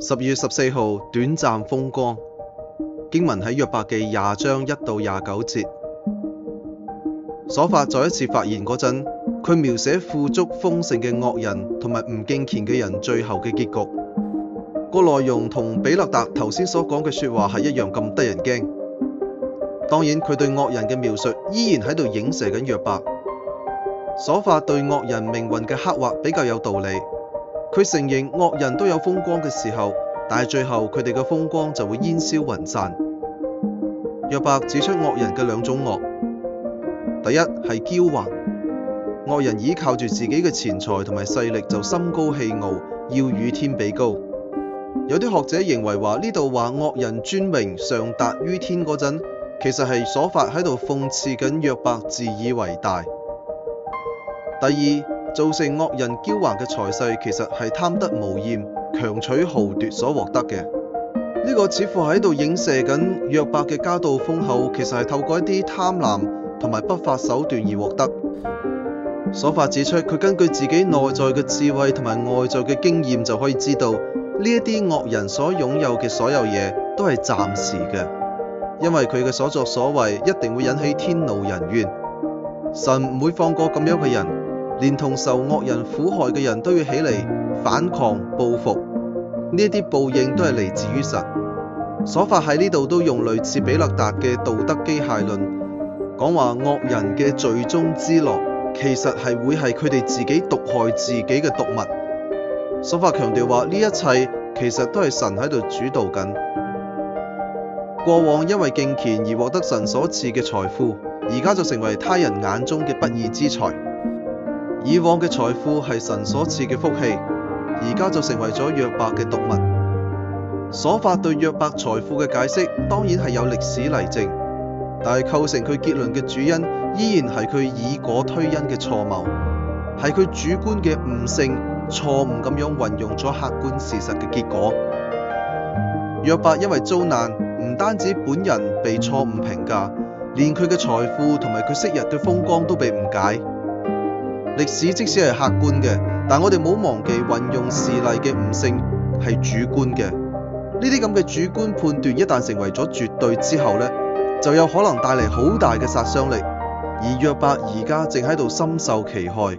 十月十四號，短暫風光。經文喺約伯記廿章一到廿九節，瑣法再一次發言嗰陣，佢描寫富足豐盛嘅惡人同埋唔敬虔嘅人最後嘅結局。這個內容同比勒達頭先所講嘅説話係一樣咁得人驚。當然，佢對惡人嘅描述依然喺度影射緊約伯。瑣法對惡人命運嘅刻畫比較有道理。佢承認惡人都有風光嘅時候，但係最後佢哋嘅風光就會煙消雲散。約伯指出惡人嘅兩種惡，第一係驕橫，惡人依靠住自己嘅錢財同埋勢力就心高氣傲，要與天比高。有啲學者認為話呢度話惡人尊榮上達於天嗰陣，其實係瑣法喺度諷刺緊約伯自以為大。第二造成惡人驕橫嘅財勢，其實係貪得無厭、強取豪奪所獲得嘅。呢、這個似乎喺度影射緊約伯嘅家道豐厚，其實係透過一啲貪婪同埋不法手段而獲得。瑣法指出，佢根據自己內在嘅智慧同埋外在嘅經驗就可以知道，呢一啲惡人所擁有嘅所有嘢都係暫時嘅，因為佢嘅所作所為一定會引起天怒人怨，神唔會放過咁樣嘅人。連同受惡人苦害嘅人都要起嚟反抗報復，呢啲報應都係嚟自於神。瑣法喺呢度都用類似比勒達嘅道德機械論，講話惡人嘅罪中之樂，其實係會係佢哋自己毒害自己嘅毒物。瑣法強調話呢一切其實都係神喺度主導緊。過往因為敬虔而獲得神所賜嘅財富，而家就成為他人眼中嘅不義之財。以往嘅財富係神所賜嘅福氣，而家就成為咗約伯嘅毒物。瑣法對約伯財富嘅解釋，當然係有歷史例證，但係構成佢結論嘅主因，依然係佢以果推因嘅錯謬，係佢主觀嘅悟性錯誤咁樣運用咗客觀事實嘅結果。約伯因為遭難，唔單止本人被錯誤評價，連佢嘅財富同埋佢昔日嘅風光都被誤解。歷史即使係客觀嘅，但我哋冇忘記運用事例嘅悟性係主觀嘅。呢啲咁嘅主觀判斷一旦成為咗絕對之後咧，就有可能帶嚟好大嘅殺傷力。而約伯而家正喺度深受其害。